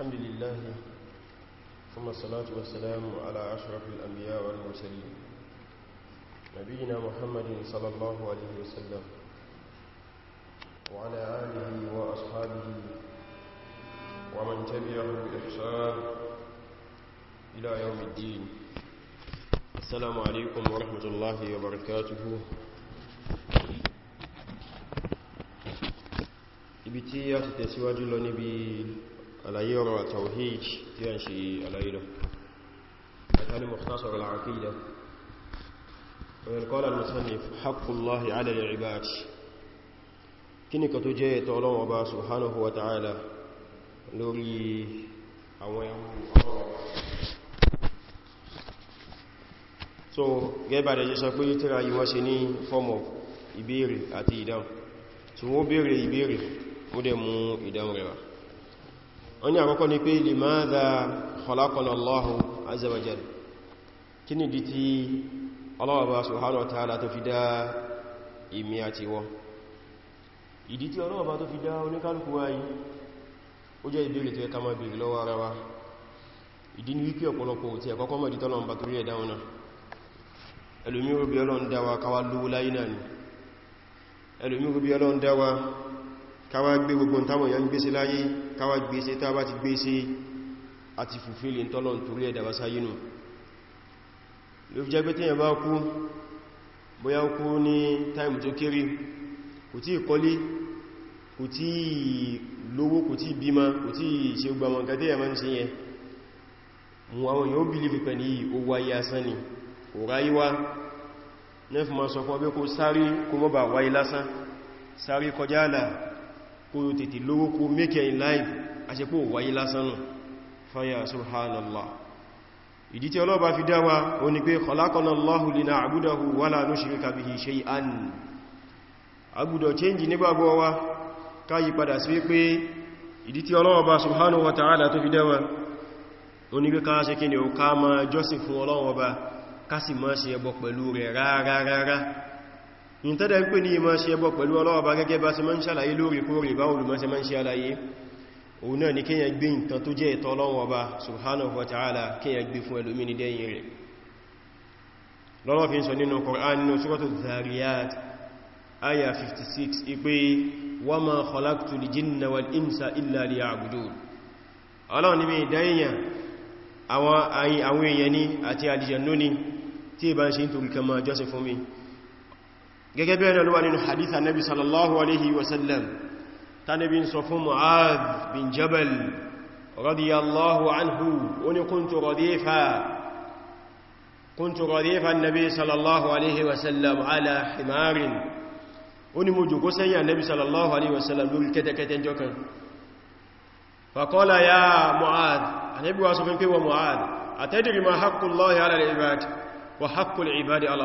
الحمد لله ثم الصلاة والسلام على أشرف الأنبياء والمرسلين نبينا محمد صلى الله عليه وسلم وعلى آله وأصحابه ومن تبعه بإحسان إلى يوم الدين السلام عليكم ورحمة الله وبركاته ibi tí a ti tẹ̀síwájú lọ níbi àlàyé ọ̀rọ̀ tawhid tí a ń ṣe àlàyé lọ àtàlì mukhtasar al-aqida wọ́n qala al-musannif haqqullahi 'ala al tó jẹ́ ẹ̀tọ́ Ọlọ́run Ọba subhanahu wa ta'ala lórí àwọn ẹrú Ọlọ́run so gẹ́bà da jẹ́ sọ pé tíra yí wọ́n form of ìbéèrè àti ìdáhùn so wọ́n béèrè ìbéèrè ó dẹ̀ wọ́n ní àkọ́kọ́ ni pé limadha khalaqana Allahu azza wa jalla kí ni dí tí Allah subhanahu wa ta'ala tó fi dá ìmí àti wọ ìdí tí Allah tó fi dá oníkálùkù wáyí ó jẹ́ ìbéèrè tó yẹ ká máa béèrè lọ́wọ́ ara wa ìdí ni wípé ọ̀pọ̀lọpọ̀ tí ẹ̀kọ́kọ́ mọ̀ ìdítọ́lọ̀ ń torí ẹ̀dá wọn ẹlòmí rúbí Ọlọ́run káwà lówó láyé náà ni ẹlòmí rúbí Ọlọ́run káwà gbé gbogbo táwọn èèyàn gbé sí láyé káwà gbé sí tá bá ti gbé sí àti fùfílì tọ́lọ̀ torí ẹ̀dà bá sáyé nù ló fi jẹ́ pé tíyàn bá kú bóyá kú ní táìmù tó kéré kò tí kọlé kò tí lówó kò tí bímá kò tí ṣe gbàmọ̀ nǹkan tí sáré kọjá àlà kó yóò tètè lówó kó make in life a ṣe pò wáyé lásán nù fáyà subhanallah ìdí tí ọlọ́ba fi dáwà ó ní pé khalaqana Allahu lina'budahu wala nushrika bihi shay'an agbúdọ̀ change nígbàgbọ́ wa káyí padà sí wípé ìdí tí wa ta'ala tó fi dáwà onígbé ká ni ó ká máa jọ́sìn fún ọlọ́ọ̀bá ká sì máa ṣe ẹbọ ní tẹ́dẹ̀ ń pè ní ìmọ̀ ṣe ẹbọ pẹ̀lú Ọlọ́run bá gẹ́gẹ́ bá ṣe mọ́ ń ṣàlàyé lóòrèkóòrè bá olùmọ́ ṣe mọ́ ń ṣe àlàyé òun náà ni kíyàn gbé nǹkan tó jẹ́ ẹ̀tọ́ Ọlọ́run Ọba subhanahu wa ta'ala kíyàn gbé 56 ipé wa ma khalaqtu l-jinna wal-insa illa liya'budun Ọlọ́run ni mi dẹ́yìn àwọn èèyàn ni àti ń ṣe kan máa jọ́sìn fún mi gẹ́gẹ́ bẹ́ẹ̀ náà ló nínú hadith annabi sallallahu alaihi wasallam tanabi ń sọ fún mu'ad bin jabal radiyallahu anhu oní kuntu radifa kuntu radifa annabi sallallahu alaihi wasallam ala himarin oní mo jùgó sẹ́yìn annabi sallallahu alaihi wasallam lórí kẹ́tẹ́kẹ́tẹ́ jọkan faqala ya mu'adh annabi wa sọ fún pé wa mu'adh atadri ma haqqullahi ala al-ibad wa haqqul ibadi ala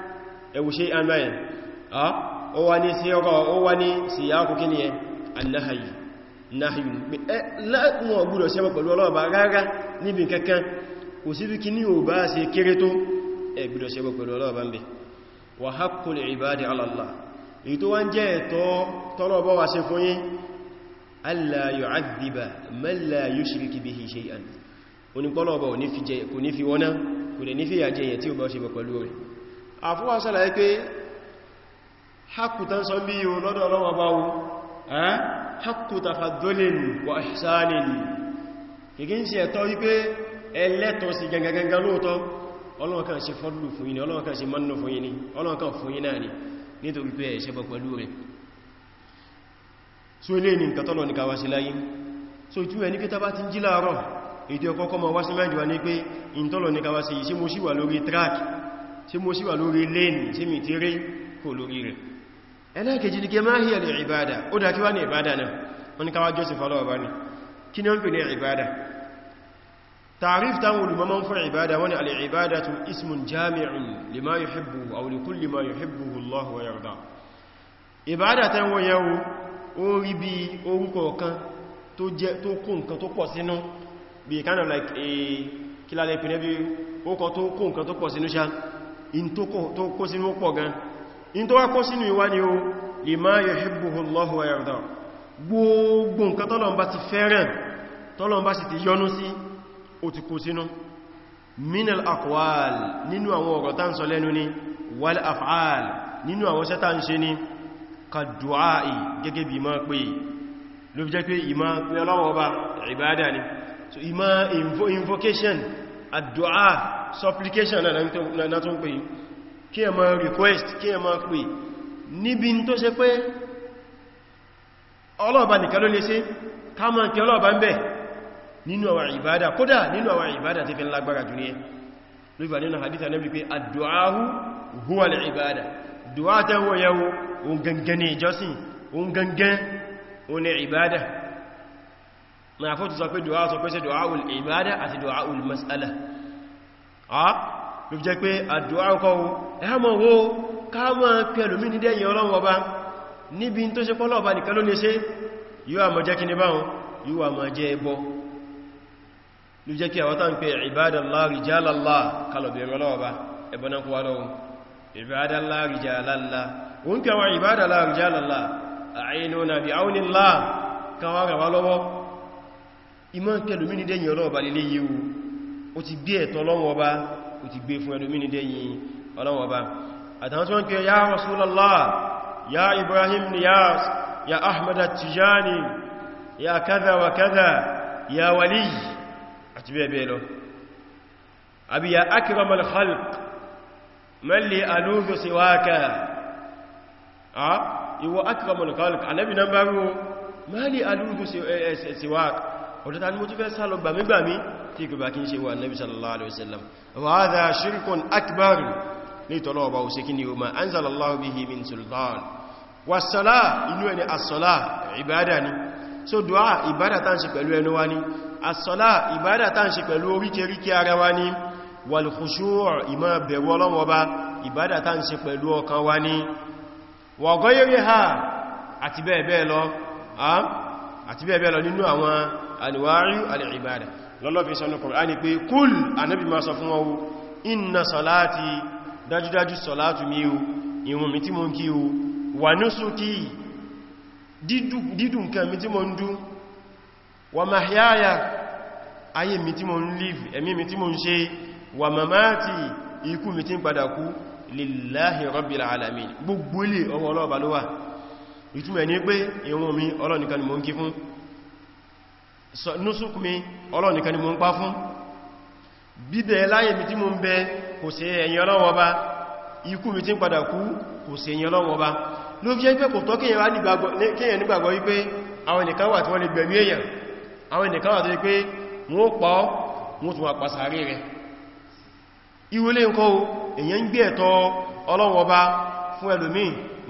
ẹwù ṣe an bayan ó wá ní sí ọkọ̀ ó wá ní sí yàkù kí ni ẹ e. annahayi nahiyun e, láàrín ọgbùdọ̀ sí ọmọ pẹ̀lú ọlọ́ọ̀bá rárá níbi kankan kò sí bí kí ní ò bá ṣe kéré tó ẹgbùdọ̀ e sí ọmọ pẹ̀lú ọlọ́ọ̀bá ń bẹ wà haqqul ibadi ala Allah èyí tó wá ń jẹ́ àfúwà sàlàyé pé hakutan sọ bí yíò lọ́dọ̀ ọlọ́wọ́ bá wú hakuta fadolin wa ihsanin kìkí ń ṣe ẹ̀tọ́ wípé ẹlẹ́tọ̀ sí gangagangan lóòtọ́ Ọlọ́run kan ṣe fọ́lù fún yín Ọlọ́run kan ṣe mọ́nà fún yín Ọlọ́run kan fún yín náà ni nítorí pé ẹ̀ṣẹ́ bọ̀ pẹ̀lú rẹ̀ so ilé ní nǹkan tọ́lọ̀ ní ká wá sí láyé so tí mo sì wà lórí lẹ́nì tí mi ti rí kò lórí rẹ̀ ẹlẹ́kẹ̀ẹ́jì ní kí máa hìyà lè ìbádà ó dá kí wá ní ìbádà náà wọ́n ni ká wá jọ́sìn fọ́lọ́wọ́ bá ní kí ni ó ń pè ní ìbádà tààríf táwọn olùmọ́mọ́ fún ìbádà wọ́n like a kílálẹ̀ ìpínlẹ̀ bí ó kọ tó kó nǹkan tó pọ̀ sínú ṣáà in tó kó sínú pọ̀ gan in tó wá kó sínú ìwá ni o lima yuhibbuhu Allahu wa yarda gbogbo nǹkan tọ́lọ̀n bá ti fẹ́ràn tọ́lọ̀n bá sì ti yọ́nú sí ó ti kó sínú minal aqwal nínú àwọn ọ̀rọ̀ tá sọ lẹ́nu ni wal af'al nínú àwọn ṣẹ́ta ń ṣe ni ka du'a'i gẹ́gẹ́ bí ma pé ló fi jẹ́ pé ìmá pé ọlọ́wọ́ bá ìbádà ni so ìmá invocation àdùá supplication na tó ń pè kí ẹ máa request kí ẹ máa pè níbi tó ṣe pé ọlọ́ọ̀bá nìkan ló lè ṣe ká máa kí ọlọ́ọ̀bá ń bẹ̀ nínú àwọn ìbádà kódà nínú àwọn ìbádà tí fi lágbára jù ní ẹ lórí nínú hadith Ànábì ní àfọ́tù sọ pé dùá sọ pé sí dùá ul ìbádà àti dùá ul mas'ala a ló jẹ́ pé àdùá ọkọ̀ ẹ̀mọ̀ wo ká mọ́ pẹ̀lú mí nídẹ̀yìn ọlọ́run ọba níbi tó ṣe pọ́lọ̀ ọba nìkan ló lè ṣe yíwa mọ̀ jẹ́ kíní báhùn yíwa mọ̀ jẹ́ ẹbọ ló jẹ́ kí àwọn tán pé ibadallah lọ́wọ́ ìmọ̀ kẹlòmínì dẹ́yìn ọlọ́ọ̀bá lélé yíò ó ti gbé ẹ̀tọ́ ọlọ́wọ́ba ó ti gbé e fún ẹlòmínì dẹ́yìn ọlọ́wọ́ba àtàwọn tí wọ́n kẹ ya Rasulullah ya Ibrahim Niyas ya Ahmad Tijani ya kaza wa kaza ya wali àti bẹ́ẹ̀ bẹ́ẹ̀ lọ àbí ya akramal khalq man li aludhu siwaka a ìwọ ọ̀dọ̀ta ni mo tún fẹ́ sálọ gbàmígbàmí tí kò bá kí n ṣe wà nabi sallallahu alaihi wasallam wa hadha shirkun akbar ní ìtọ́lọ̀ ọba òsìkí ni o ma anzalallahu bihi min sultan wasala inú ẹni asala ibada ni so du'a ibada ta ń ṣe pẹ̀lú ẹnu wa ni asala ibada ta àti bẹ́ẹ̀ bẹ́ẹ̀ lọ àti bẹ́ẹ̀ bẹ́ẹ̀ lọ nínú àwọn anwari al-ibada lọ́lọ́fin sọ ní Kùránì pé kúl anábi ma sọ fún wọn inna salati dájúdájú salatu mi o ìrun mi tí mo ń kí o wa nusuki dídùn kan mi tí mo ń dú wa mahyaya ayé mi tí mo ń live ẹ̀mí mi tí mo ń ṣe ìtumẹ̀ ní pé ìrun mi ọlọ́nìkan ni mo ń kí fún nusuk mi ọlọ́nìkan ni mo ń pa fún bíbẹ̀ láyé mi tí mo ń bẹ kò ṣe ẹ̀yìn ọlọ́wọ́ bá ikú mi tí ń padà kú kò ṣe ẹ̀yìn ọlọ́wọ́ bá ló fi jẹ́ pé kò tọ́ kíyàn nígbàgbọ́ wípé àwọn ẹnìkan wà fún ẹlòmíì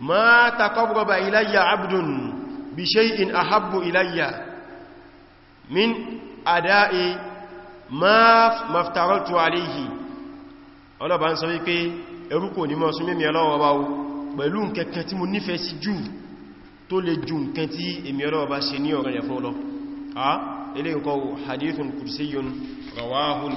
ma taqarraba ilayya abdun bi shay'in ahabbu ilayya min ada'i ma maftaraltu alayhi ọlọ́ba ń sọ wípé ẹrú kò ní mọ́ sún mímí ọlọ́wọ́ bá o pẹ̀lú nǹkankan tí mo nífẹ̀ẹ́ sí jù tó lè ju nǹkan tí èmi ọlọ́wọ́ bá ṣe ní ọ̀rọ̀ yẹ̀fọ́ lọ ha ilé nǹkan hadithun kursiyun rawahu al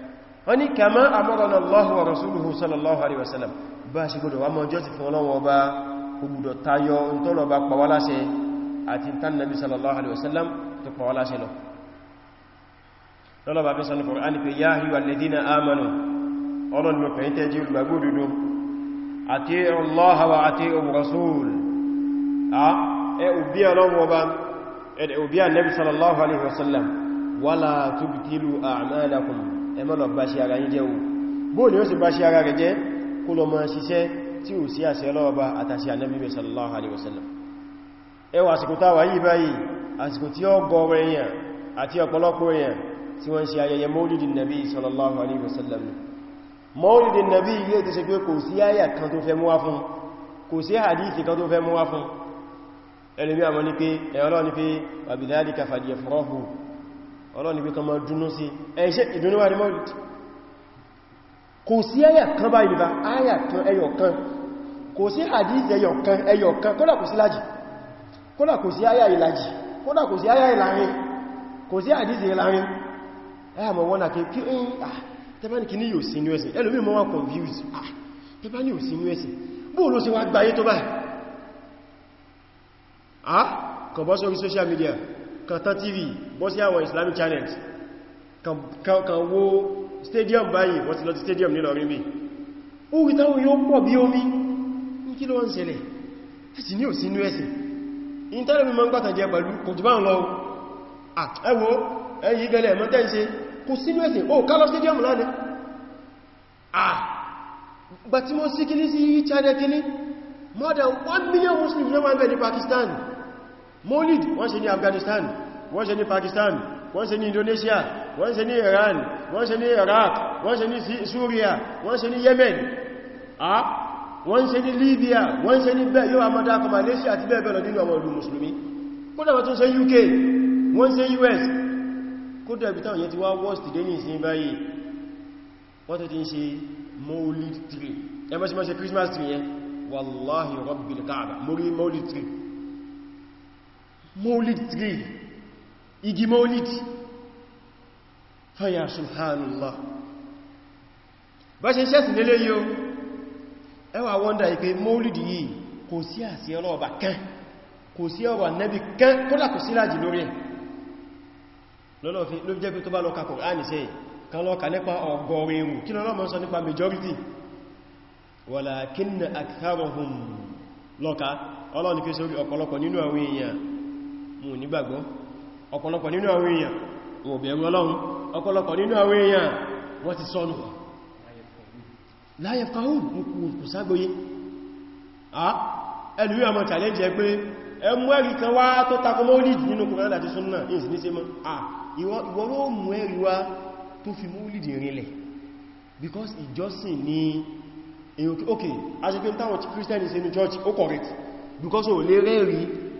wọ́n ní kama amọ́rọ̀nà Allahu wa rasuluhu sallallahu alaihi wasallam bá ṣe gbọdọ̀ wà mọ́ jọ́ ti fún ọlọ́wọ́ bá gbọdọ̀ tayọ ntọ́lọ̀ bá pàwàláṣẹ àti tánàbí sallallahu alaihi wasallam tó pàwàláṣẹ lọ lọ́lọ́ bá fi sọ́nà Qur'an pé yá híwà lèdínà ámànù ọlọ́n mọ̀ pẹ̀yìn tẹ́ jí olùgbàgbó dúdú àti ọlọ́ha wa àti rasul ẹ òbí ọlọ́wọ́ ẹ má lọ bá ṣe ara yín jẹ́ o bóò ni ó sì bá ṣe ara rẹ̀ jẹ́ kó lọ máa ṣiṣẹ́ tí ò sí àṣẹ lọ́ọ̀bá àtàṣì ànábì sallallahu alaihi wasallam ẹwà àsìkò táwà yìí báyìí àsìkò tí ó gọrọ èèyàn àti ọ̀pọ̀lọpọ̀ èèyàn tí wọ́n ṣe ayẹyẹ maulidin nabi sallallahu alaihi wasallam maulidin nabi yíò ti ṣe ọlọ́ni bí kan máa dúnú sí ẹ̀ṣẹ́ ìdúnúwà ní mọ́lìd kò sí ẹyà kan bá ìbá ayà kan ẹyọ kan kò sí hadith ẹyọ kan ẹyọ kan kódà kò sí lájì kódà kò sí ayà ìlàjì kódà kò sí ayà ìlàrin kò sí hadith ìlàrin ẹyà mọ̀ wọ́n àkẹ́ kí ń ah ah tẹ́bání yóò sí ah, ah, social media kàtà tv bọ́ sí àwọn islamic channels kan wo stadium báyìí bọ́ sí lọ sí stadium nílọrin bí ó rí táwọn yóò pọ̀ bí omi ní kí ló ń ṣẹlẹ̀ ẹ̀sì ní òsínú ẹ̀sìn ìntánẹ̀mí ma ń gbàtàjẹ pẹ̀lú kò jù bá ń lọ ẹwọ ẹ̀yí gẹlẹ̀ mọ́tẹ́ ṣe kò sínú ẹ̀sìn ó kálọ stadium lánàá ah gbàtí mo sí channel kíní more than 1 million muslims ló wà pakistan molid wọ́n ṣe ní Afghanistan wọ́n ṣe ní Pakistan wọ́n ṣe ní Indonesia wọ́n ṣe ní Iran wọ́n ṣe ní Iraq wọ́n ṣe ní Syria wọ́n ṣe ní Yemen wọ́n ṣe ní Libya wọ́n ṣe ní bẹ́ẹ̀ yóò amọ́dá kọ Malaysia àti bẹ́ẹ̀ bẹ́ẹ̀ lọ nínú àwọn ìlú Mùsùlùmí kódà wọ́n tún ṣe UK wọ́n ṣe US kódà ibi táwọn yẹn ti wá worst day ní ìsin báyìí wọ́n tó ti ń ṣe Maulid tree ẹmọ́sí mọ́ ṣe Christmas tree yẹn wallahi Rabbil Kaaba mórí Maulid tree maulid tree igi maulid faya subhanallah bá ṣe ṣẹ́sì nílé yíó ẹwà wọ́ndà ìpé maulid yìí kò sí àsí ọlọ́ọ̀bà kan kò sí ọwà nẹ́bì kan kódà kò sí láàjì lórí ẹ̀ lọ́lọ́fí ló jẹ́ pé tó bá lọ ka Kùránì sẹ́yìn kan lọ ka nípa ọgọ́rin irun kí ọ̀pọ̀lọpọ̀ nínú àwọn èèyàn wọn ò nígbàgbọ́ ọ̀pọ̀lọpọ̀ nínú àwọn èèyàn wọn ò bẹ̀rù Ọlọ́run ọ̀pọ̀lọpọ̀ nínú àwọn èèyàn wọ́n ti sọnù láyẹ̀ fáwọn kò challenge ẹ pé ẹmú ẹ̀rí kan wá tó takọ mọ́lìd nínú Kùránì àti súnnà ìsì ní sẹ́mọ́ ìwọ ló táwọn Christian is in church ó correct because ó lè rẹ́rí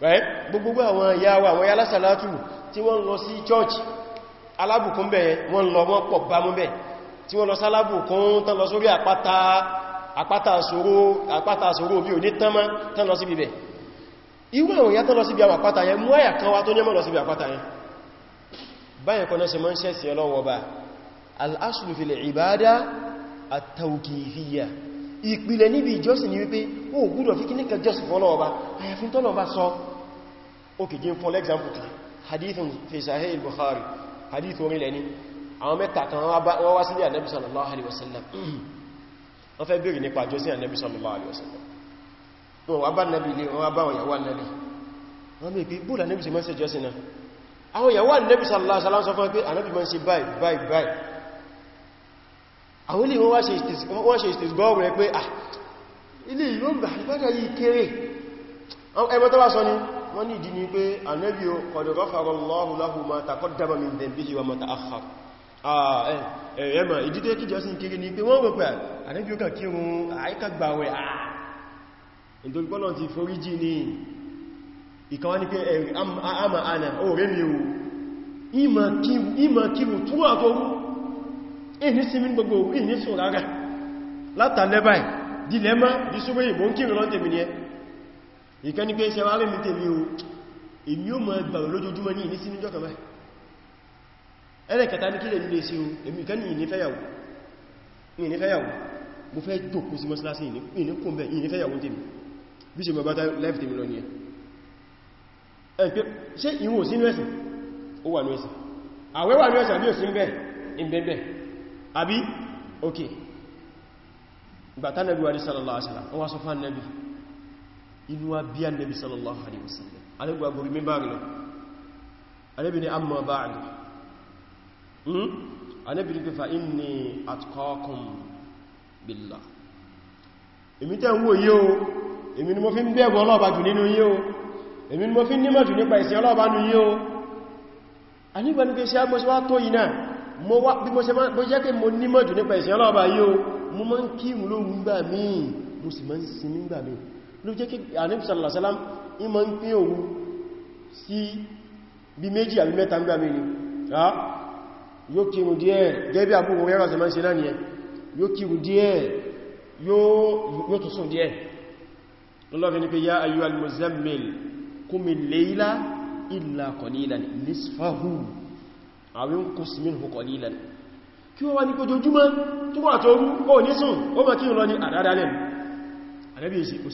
gbogbo àwọn yáwà àwọn yálásàlátù tí wọ́n lọ sí church alábùkún bẹ̀ wọ́n lọ wọ́n pọ̀ bá mú bẹ̀ tí wọ́n lọ sálábùkún tán lọ sórí àpáta àpáta àṣòro àpáta àṣòro bí òní tán mọ́ tán lọ síbi bẹ̀ irú àwọn ìyá tán lọ síbi àwọn àpáta yẹn mú àyà kan wá tó ní mọ́ lọ síbi àpáta yẹn báyẹ̀ kan náà ṣe mọ́ ń ṣẹ̀sì ọlọ́wọ́ bá al-aslu fil ibada at-tawqifiyya ìpìlẹ̀ níbi ìjọsìn ni wípé o gbúdọ̀ fi kíníkà just fọ́lọ́ ọba àyàfin tọ́lọ̀ ọba sọ okay jẹ́ for example kan hadithun fi sahih bukhari hadith orin lẹ́ni àwọn mẹ́ta kan wọ́n wá sílé ànábì sallallahu alaihi wasallam wọ́n fẹ́ bèèrè nípa àjọsí ànábì sallallahu alaihi wasallam wọ́n wá bá nábi ilé wọ́n wá bá wọn yàwó ànábì wọ́n mẹ́ pé bóòlù ànábì sí mọ́ sí jọ́sí náà àwọn yàwó ànábì sallallahu alaihi wasallam sọ fún pé ànábì mọ́ sí báyìí báyìí báyìí àwọn ilé wọ́n wá ṣe ìsìtìsgọ́ rẹ̀ pé ah ilé ìlú ń gbàgbàgbà yìí kéré ẹgbẹ́ tó bá sọ ní wọ́n ní ìdí ni pé anẹ́bí qad ghafara Allahu lahu ma taqaddama min dhanbihi wa ma ta'akhkhara ẹ̀ẹ̀mà ìdídé kí jọ́sí kiri ni pé wọ́n wọ́n pẹ̀ àníbí ó kà kí oòrùn àíkàgbàwẹ̀ àà ìdólùgbọ́nà ti forí jí ní ìkanwá ní pé ẹ̀rì àmà ànà ó rẹ̀ mi ò ìmọ̀ kíwù túwà tó rú ìní sí mi gbogbo ìní sùn dilema di súgbé ìbò ń kí ìrìnlọ́ tèmi ní ẹ ìkẹ́ ní pé ṣe wá rẹ̀ mi tèmi o èmi ó mọ̀ gbàrù lójoojúmọ́ ní ìní sínú jọ́kàmá ẹlẹ́kẹta ní kílẹ̀ nílé sí o èmi kẹ́ ní ìnífẹ́yàwó mo fẹ́ jòkó sí mọ́sílásí ìníkùnbẹ̀ ìnífẹ́yàwó tèmi bí ṣe mọ̀ bá láìfì tèmi lọ ní ẹ ṣe ìwò sínú ẹ̀sìn ó wà ní ẹ̀sìn àwẹ́wà ní ẹ̀sìn àbí òsínú bẹ́ẹ̀ ìbẹ̀bẹ̀ àbí okay gbàtà nàbí wàdí sallallahu alaihi wasallam wọ́n sọ fún nàbí inú wa bí an nàbí sallallahu alaihi wasallam alẹ́gbà gùn mi bá rìnà alẹ́bì ni amma ba'du alẹ́bì hmm? ni fa inni atqakum billah èmi tẹ́ ń wò yí o èmi ni mo fi ń bẹ̀rù ọlọ́ọ̀bá jù nínú yí o èmi ni mo fi ń nímọ̀ jù nípa ìsìn ọlọ́ọ̀bá nínú yí o a nígbà ní pé ṣe agbọ́síwá tó yìí mo wá bí mo ṣe máa bó jẹ́ pé mo nímọ̀ jù nípa ìṣẹ́ ọlọ́ọ̀bá yíò mo máa ń kírun lóòrùn gbà míì mo sì máa ń sinmi gbà míì ló jẹ́ kí àníbì sallallahu alaihi wasallam in máa ń pín òru sí bí méjì àbí mẹ́ta gbà míì ni yóò kírun díẹ̀ gẹ́bí àbúrò rẹ́rọ̀ sí máa ń ṣe náà nisfahu àwọn kùsùmín hù kọ̀lílẹ̀ kí wọ́n wá ní kó jojúmọ́ tó wà tó rú ó ní sùn ó mọ̀ kí lọ ní àdádálẹ̀ anábí ìṣẹ́ kò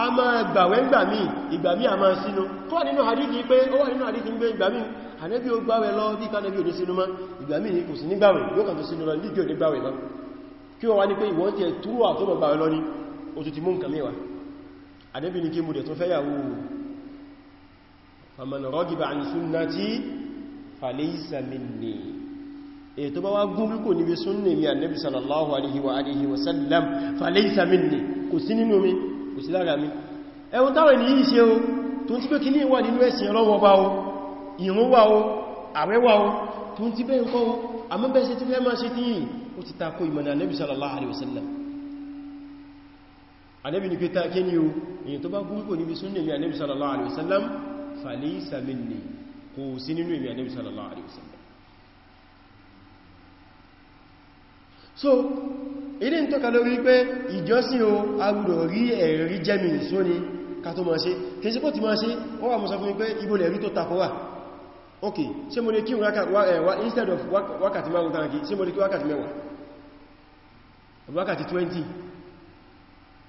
a máa gbàwẹ̀ ńgbà míì ìgbà míì a máa sínú tó wà nínú hadithi pé ó wà nínú hadithi pé ìgbà míì anábí ó gbàwẹ̀ lọ bí ká anábí ò ní sínú mọ́ ìgbà míì ni kò sí ní gbàwẹ̀ yóò kàn tó sínú lọ bí kí ò ní gbàwẹ̀ lọ kí wọ́n wá ní pé ìwọ́n ti ẹ̀ túrò àtọ́mọ̀ gbàwẹ̀ lọ ní ó tún ti àdẹ́bì ní kí mú dẹ̀ tó fẹ́yàwó faman ragiba an sunnati falaysa minni èyí tó bá wá gún kò níbi súnnà mi àdẹ́bì sallallahu alaihi wa alihi wa sallam falaysa minni kò sí nínú mi kò sí lára mi ẹwọ́n táwọn ènìyàn yìí ṣe o tó ń ti pé tí anẹ́bì ní pé ta kí ni o èyàn tó bá gúnkò níbi súnnà ní anẹ́bì sallallahu alaihi wasallam falaysa minni kò sí nínú èmì anẹ́bì sallallahu alaihi wasallam so ilé ń tọ́ka lórí pé ìjọsìn o agbúdọ̀ rí ẹ̀rí jẹ́mì sóní ká tó máa ṣe kí sí pọ́ ti máa ṣe wọ́n wà mọ́ sọ instead of wákàtí márùn-ún tánàkì ṣe mo lè kí wákàtí mẹ́wàá 20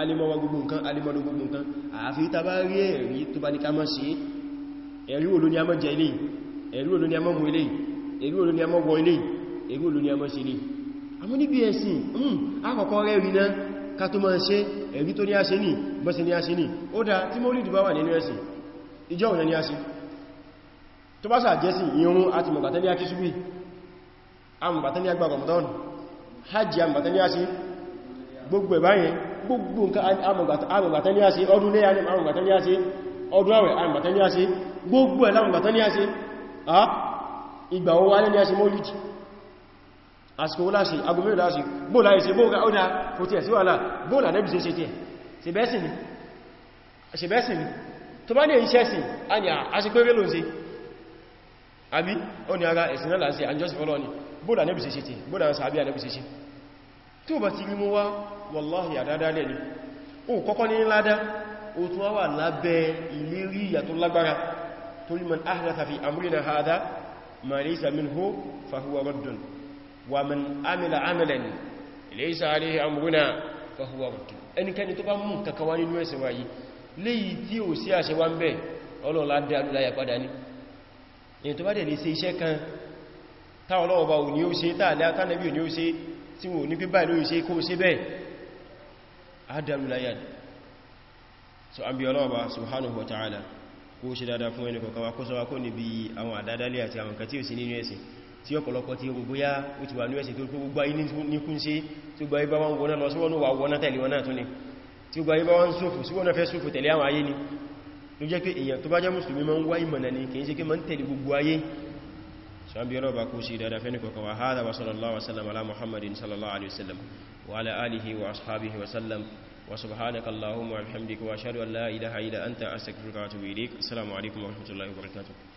alimọ́wà gbogbo nǹkan alimọ́nà gbogbo nǹkan àfi ta bá rí ẹ̀rí tó bá ní ká mọ́ sí ẹ̀rí olú ni a mọ́ jẹ ilé ẹ̀rí olú ni a mọ́ mú ilé ẹ̀rí olú ni a mọ́ wọ ilé ẹ̀rí olú ni a mọ́ sí ilé àmọ́ níbi ẹ̀sìn hmm, akọ̀kọ́ rẹ̀ rí náà ká tó mọ́ ṣe ẹ̀rí tó ní a ṣe ní bọ́sí ní a ṣe ní ó dá tí mo rí dùbá wà nínú ẹ̀sìn ìjọ òun ni a ṣe tó bá sàjẹ́sìn irun a ṣe gbogbo ẹ̀báyẹn gbogbo nǹkan amọ̀gbàtán ní a ṣe ọdún léyà ní amọ̀gbàtán a ṣe ọdún a ṣe gbogbo ẹ̀lá amọ̀gbàtán a ṣe ìgbà owó alẹ́ ní a ṣe mọ́lìdì àsìkò láṣe agomẹ́rẹ̀ láṣe bóòlá ìṣe bóòlá ọdá kò tí ẹ̀ sí wàhálà bóòlá nẹ́bì ṣe ṣe tí ẹ̀ ṣe bẹ́ẹ̀sìn ni tó bá ní ìṣẹ́ a ní àṣepẹ́rẹ́ ló ń ṣe àbí ọ ni ara ẹ̀sìn náà láṣe àjọsìn fọ́lọ́ ni bóòlá nẹ́bì ṣe ṣe tí bóòlá ń sàábí tí ó bá ti rí mú wá wàláhì àdádálẹ̀ ni o kọ́kọ́ ní ládá o tún wà lábẹ́ ìlérí ìyà tó lágbára torí man ahdatha fi amrina hadha ma laysa minhu fa huwa raddun wa man amila amalan laysa alayhi amruna fa huwa raddun ẹnikẹ́ni tó bá mú kankan wá nínú ẹ̀sìn wáyé léyìí tí ò ní èyí tó bá dẹ̀ lè ṣe iṣẹ́ kan ní ó ṣe táàlẹ́ àtànẹ́bí ò tí wọ́n ní pé báyìí ló kó ṣe bẹ́ẹ̀ adalu so an bi ọlọ́ọ̀bá subhanahu wa ta'ala kó ṣe dáadáa fún ẹni kọ̀kọ́wà kó sọ wákó níbi àwọn àdádálẹ̀ àti àwọn kàtí ò sí nínú ẹ̀sìn tí ọ̀pọ̀lọpọ̀ ti rò bóyá ó ti wà ní ẹ̀sìn tó gbogbo ayé ní kún sí tó gba ibá wọn wọná lọ sí wọnú wà wọná tẹ̀lé wọn náà tún ni tí ó gba ibá wọn sófò sí wọnà fẹ́ sófò tẹ̀lé àwọn ayé ni ló jẹ́ pé èèyàn tó bá jẹ́ mùsùlùmí máa ń wá ìmọ̀nà ni kìí ṣe kí máa ń tẹ̀lé gbogbo ayé sọ́nbí ọlọ́ba kó sí dada fẹ́ni kọ̀kọ̀ wa hádà wa sallallahu wasallam ala muhammadin sallallahu alaihi wasallam wa ala alihi wa ashabihi wasallam wa subhanaka allahumma alhamdika wa ashhadu an la ilaha illa anta astaghfiruka wa atubu ilaik assalamu alaikum wa rahmatullahi wa barakatuh